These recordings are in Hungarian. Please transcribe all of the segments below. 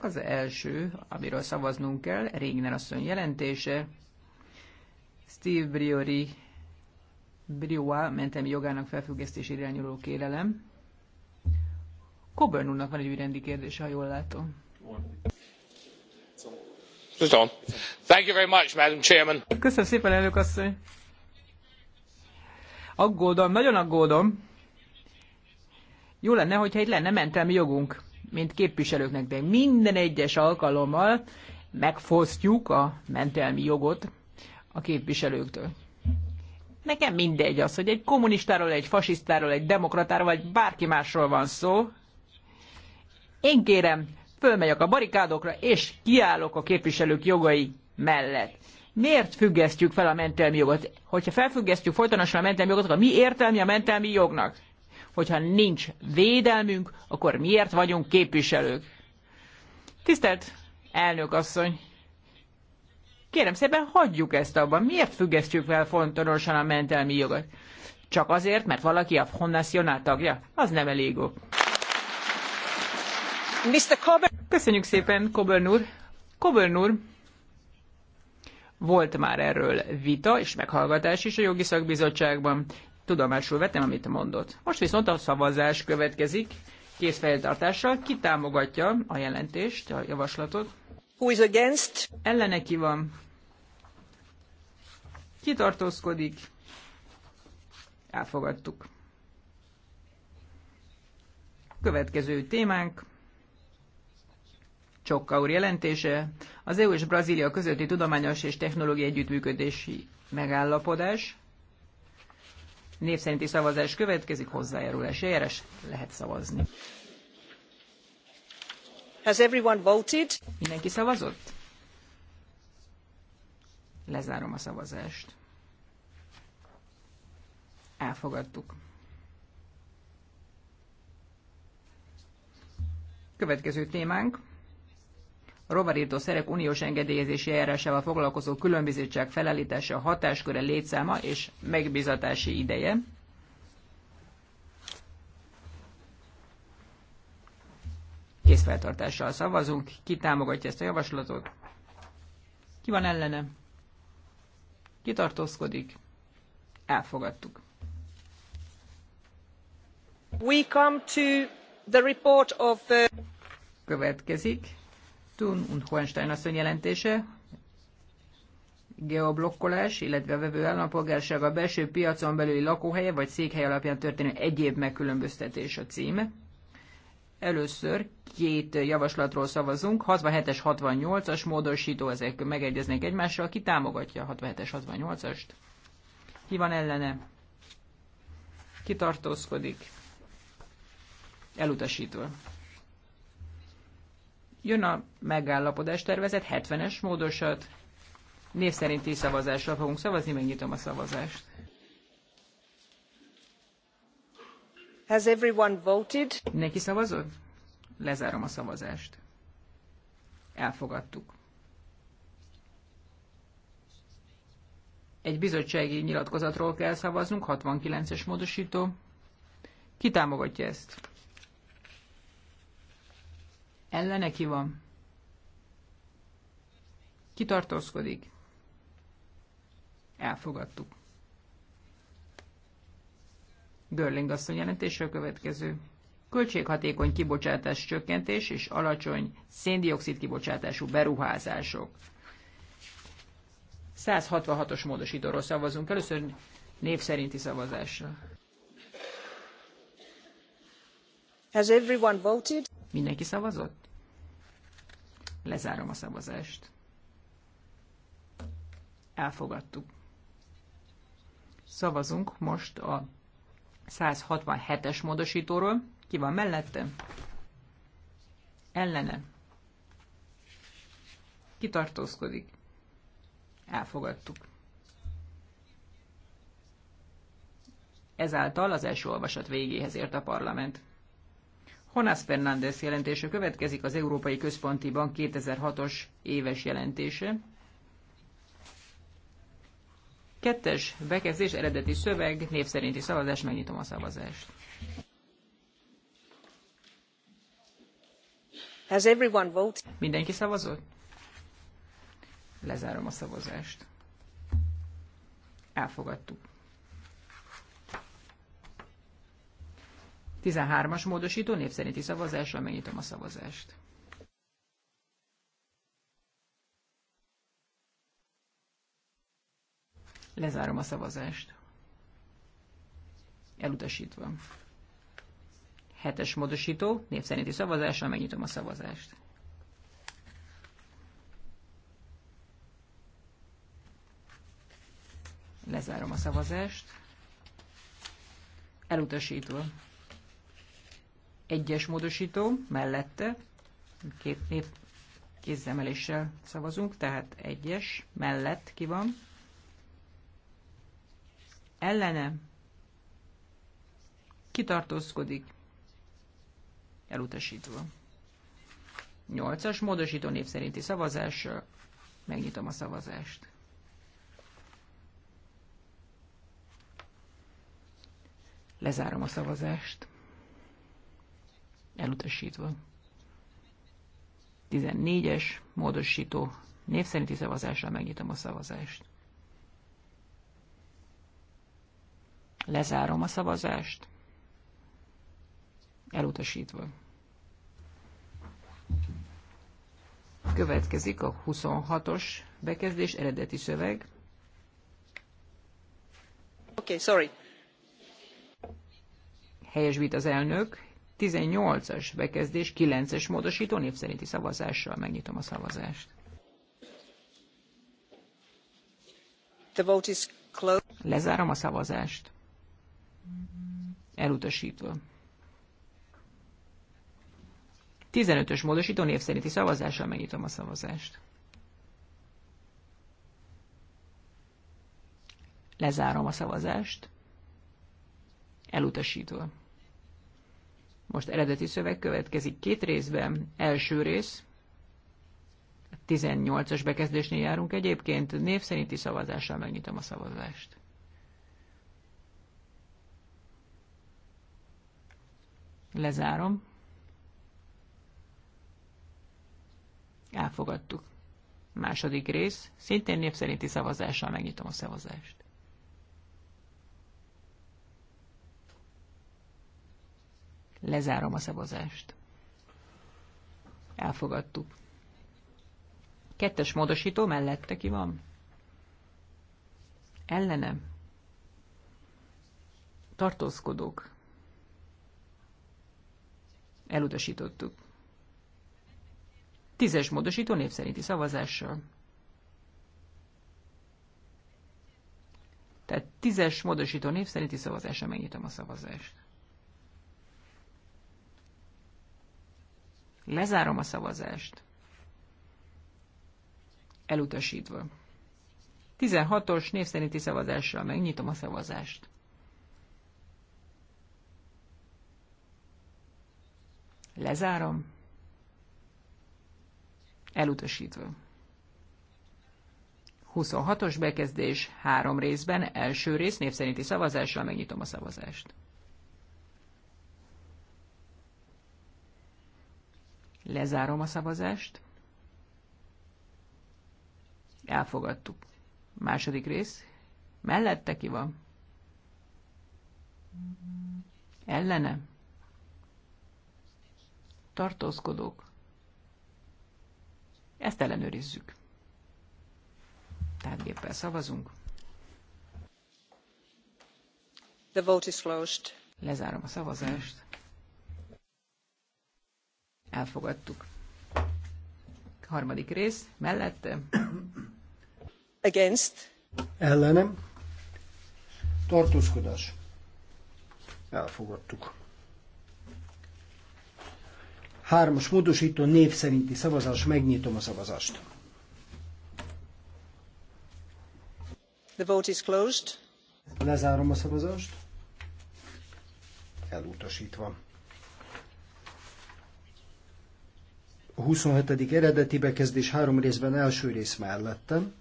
Az első, amiről szavaznunk kell, Régner asszony jelentése, Steve Briori Brioa mentemi jogának felfüggesztés irányuló kérelem. Coburn úrnak van egy ügyrendi kérdése, ha jól látom. Thank you very much, Madam Chairman. Köszönöm szépen, elnök asszony. Aggódom, nagyon aggódom. Jó lenne, hogyha itt lenne mentelmi jogunk mint képviselőknek, de minden egyes alkalommal megfosztjuk a mentelmi jogot a képviselőktől. Nekem mindegy az, hogy egy kommunistáról, egy fasisztáról, egy demokratáról, vagy bárki másról van szó. Én kérem, fölmegyek a barikádokra, és kiállok a képviselők jogai mellett. Miért függesztjük fel a mentelmi jogot? Hogyha felfüggesztjük folytonosan a mentelmi jogot, akkor mi értelmi a mentelmi jognak? hogyha nincs védelmünk, akkor miért vagyunk képviselők? Tisztelt elnök asszony, kérem szépen hagyjuk ezt abban. Miért függesztjük fel fontosan a mentelmi jogot? Csak azért, mert valaki a Front National tagja? Az nem elég ok. Mr. Kober, Köszönjük szépen, Coburn úr. Coburn úr, volt már erről vita és meghallgatás is a jogi szakbizottságban tudomásul vettem, amit mondott. Most viszont a szavazás következik készfeltartással. Ki támogatja a jelentést, a javaslatot? Who is against? Ellene ki van. Ki tartózkodik? Elfogadtuk. Következő témánk. Csokka úr jelentése. Az EU és Brazília közötti tudományos és technológiai együttműködési megállapodás. Név szerinti szavazás következik, hozzájárul eljárás, lehet szavazni. Has everyone voted? Mindenki szavazott? Lezárom a szavazást. Elfogadtuk. Következő témánk szerek uniós engedélyezési eljárásával foglalkozó különbizottság felállítása, hatásköre, létszáma és megbizatási ideje. Készfeltartással szavazunk. Ki támogatja ezt a javaslatot? Ki van ellene? Ki tartózkodik? Elfogadtuk. We come to the report of the... Uh, Következik Thun und Hohenstein asszony jelentése, geoblokkolás, illetve a vevő állampolgárság a belső piacon belüli lakóhelye vagy székhely alapján történő egyéb megkülönböztetés a címe. Először két javaslatról szavazunk, 67-es, 68-as módosító, ezek megegyeznek egymással, ki támogatja a 67-es, 68-ast? Ki van ellene? Ki tartózkodik? Elutasítva. Jön a megállapodás tervezet, 70-es módosat. Név szerinti szavazásra fogunk szavazni, megnyitom a szavazást. Has everyone voted? Neki szavazott? Lezárom a szavazást. Elfogadtuk. Egy bizottsági nyilatkozatról kell szavaznunk, 69-es módosító. Ki támogatja ezt? Ellene ki van? Kitartózkodik. Elfogadtuk. Görling asszony jelentése a következő. Költséghatékony kibocsátás csökkentés és alacsony széndiokszid kibocsátású beruházások. 166-os módosítóról szavazunk. Először név szerinti szavazásra. Has everyone voted? Mindenki szavazott? Lezárom a szavazást. Elfogadtuk. Szavazunk most a 167-es módosítóról. Ki van mellette? Ellene. Kitartózkodik. Elfogadtuk. Ezáltal az első olvasat végéhez ért a parlament. Jonas Fernández jelentése következik, az Európai Központi Bank 2006-os éves jelentése. Kettes bekezdés, eredeti szöveg, név szerinti szavazás, megnyitom a szavazást. Has everyone voted? Mindenki szavazott? Lezárom a szavazást. Elfogadtuk. 13-as módosító népszerinti szavazással megnyitom a szavazást. Lezárom a szavazást. Elutasítva. Hetes módosító, népszerinti szavazással megnyitom a szavazást. Lezárom a szavazást. Elutasítva. Egyes módosító mellette, két nép kézzemeléssel szavazunk, tehát egyes mellett ki van. Ellene kitartózkodik, elutasítva. Nyolcas módosító név szerinti szavazás, megnyitom a szavazást. Lezárom a szavazást elutasítva. 14-es módosító név szerinti szavazással megnyitom a szavazást. Lezárom a szavazást. Elutasítva. Következik a 26-os bekezdés eredeti szöveg. Oké, okay, sorry. Helyesbít az elnök. 18-as bekezdés 9-es módosító név szerinti szavazással megnyitom a szavazást. The vote is closed. Lezárom a szavazást. Elutasítva. 15-ös módosító név szerinti szavazással megnyitom a szavazást. Lezárom a szavazást. Elutasítva. Most eredeti szöveg következik két részben. Első rész, 18-as bekezdésnél járunk egyébként, név szerinti szavazással megnyitom a szavazást. Lezárom. Elfogadtuk. Második rész, szintén név szerinti szavazással megnyitom a szavazást. Lezárom a szavazást. Elfogadtuk. Kettes módosító mellette ki van? Ellenem. Tartózkodók. Elutasítottuk. Tízes módosító név szerinti szavazással. Tehát tízes módosító név szerinti szavazásra megnyitom a szavazást. Lezárom a szavazást. Elutasítva. 16-os név szerinti szavazással megnyitom a szavazást. Lezárom. Elutasítva. 26-os bekezdés három részben, első rész név szerinti szavazással megnyitom a szavazást. Lezárom a szavazást. Elfogadtuk. Második rész. Mellette ki van? Ellene? Tartózkodók. Ezt ellenőrizzük. Tehát géppel szavazunk. The vote is closed. Lezárom a szavazást elfogadtuk. Harmadik rész, mellette. Against. Ellenem. Tartózkodás. Elfogadtuk. Hármas módosító név szerinti szavazás, megnyitom a szavazást. The vote is closed. Lezárom a szavazást. Elutasítva. A 27. eredeti bekezdés három részben első rész mellettem,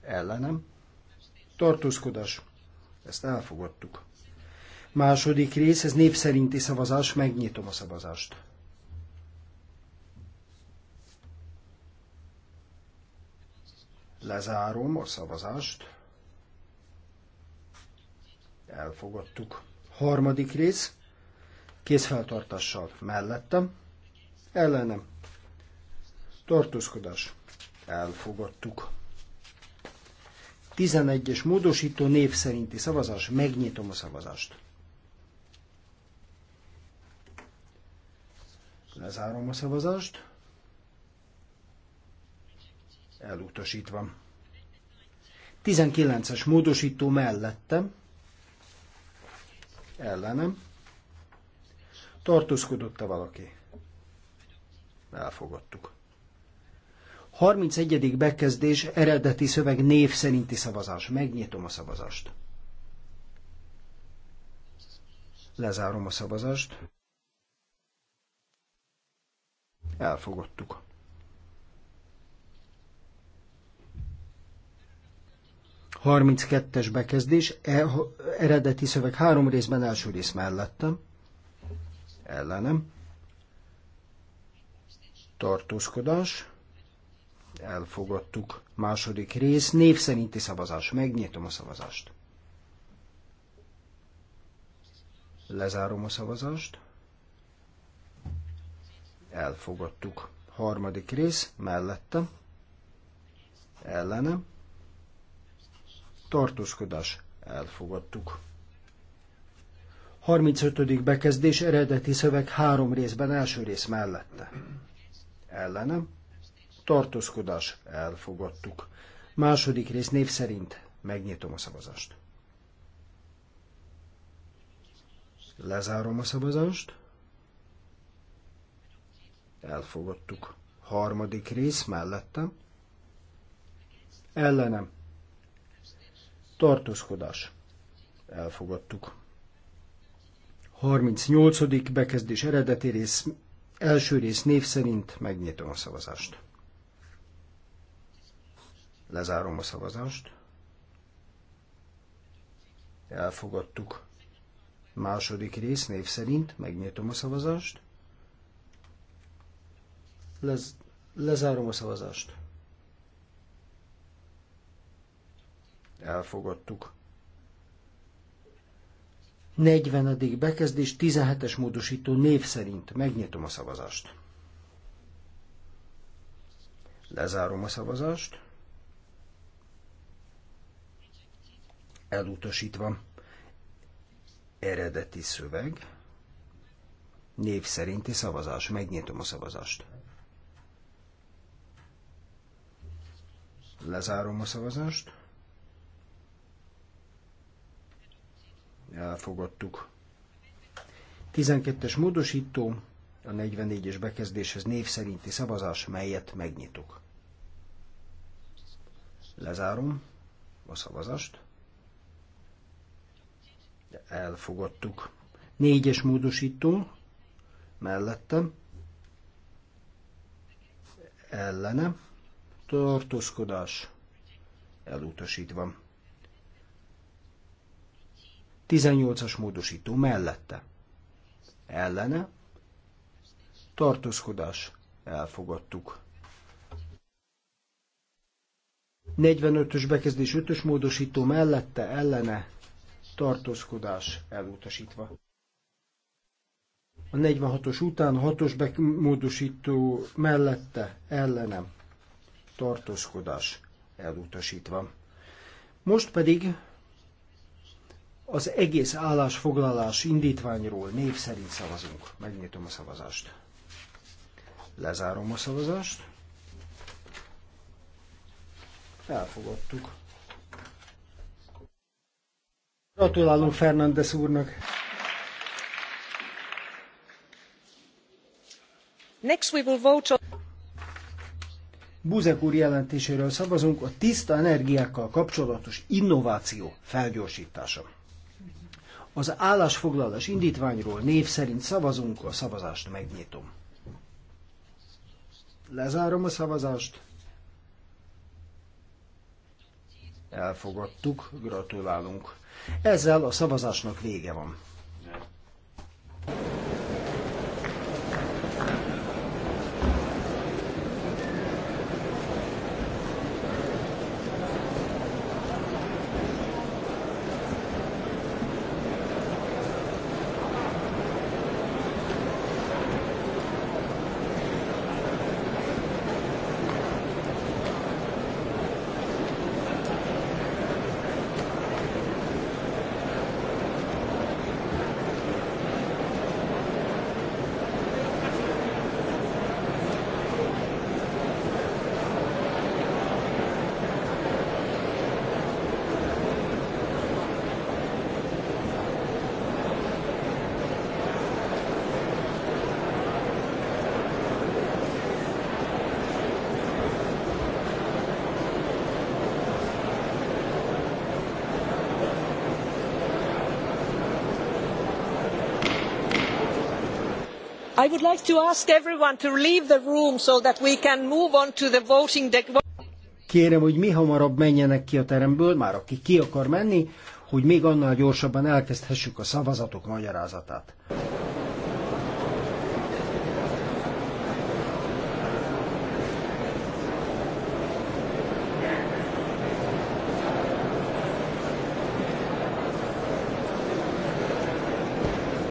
ellenem, tartózkodás, ezt elfogadtuk. Második rész, ez népszerinti szavazás, megnyitom a szavazást. Lezárom a szavazást. Elfogadtuk. Harmadik rész, kézfeltartással mellettem ellenem tartózkodás elfogadtuk. 11-es módosító név szerinti szavazás, megnyitom a szavazást. Lezárom a szavazást. Elutasítva. 19-es módosító mellettem. Ellenem. Tartózkodott-e valaki? elfogadtuk. 31. bekezdés eredeti szöveg név szerinti szavazás. Megnyitom a szavazást. Lezárom a szavazást. Elfogadtuk. Harminckettes bekezdés, e, eredeti szöveg három részben első rész mellettem, ellenem, tartózkodás, elfogadtuk. Második rész, név szerinti szavazás. Megnyitom a szavazást. Lezárom a szavazást. Elfogadtuk. Harmadik rész, mellette. Ellene. Tartózkodás. Elfogadtuk. 35. bekezdés eredeti szöveg három részben első rész mellette ellenem, tartózkodás, elfogadtuk. Második rész név szerint megnyitom a szavazást. Lezárom a szavazást. Elfogadtuk. Harmadik rész mellettem. Ellenem. Tartózkodás. Elfogadtuk. 38. bekezdés eredeti rész Első rész név szerint megnyitom a szavazást. Lezárom a szavazást. Elfogadtuk. Második rész név szerint megnyitom a szavazást. Lez lezárom a szavazást. Elfogadtuk. 40. bekezdés 17-es módosító név szerint. Megnyitom a szavazást. Lezárom a szavazást. Elutasítva. Eredeti szöveg. Név szerinti szavazás. Megnyitom a szavazást. Lezárom a szavazást. elfogadtuk. 12-es módosító, a 44-es bekezdéshez név szerinti szavazás, melyet megnyitok. Lezárom a szavazást. Elfogadtuk. Négyes módosító mellettem. Ellene. Tartózkodás. Elutasítva. 18-as módosító mellette. Ellene. Tartózkodás. Elfogadtuk. 45-ös bekezdés 5-ös módosító mellette ellene tartózkodás elutasítva. A 46-os után 6-os módosító mellette ellene tartózkodás elutasítva. Most pedig az egész állásfoglalás indítványról név szerint szavazunk. Megnyitom a szavazást. Lezárom a szavazást. Elfogadtuk. Gratulálunk Fernandes úrnak. Next we will vote on... Buzek úr jelentéséről szavazunk a tiszta energiákkal kapcsolatos innováció felgyorsítása. Az állásfoglalás indítványról név szerint szavazunk, a szavazást megnyitom. Lezárom a szavazást. Elfogadtuk, gratulálunk. Ezzel a szavazásnak vége van. i would like to ask everyone to leave the room so that we can move on to the voting Kérem, hogy mi hamarabb menjenek ki a teremből, már aki ki akar menni, hogy még annál gyorsabban elkezdhessük a szavazatok magyarázatát.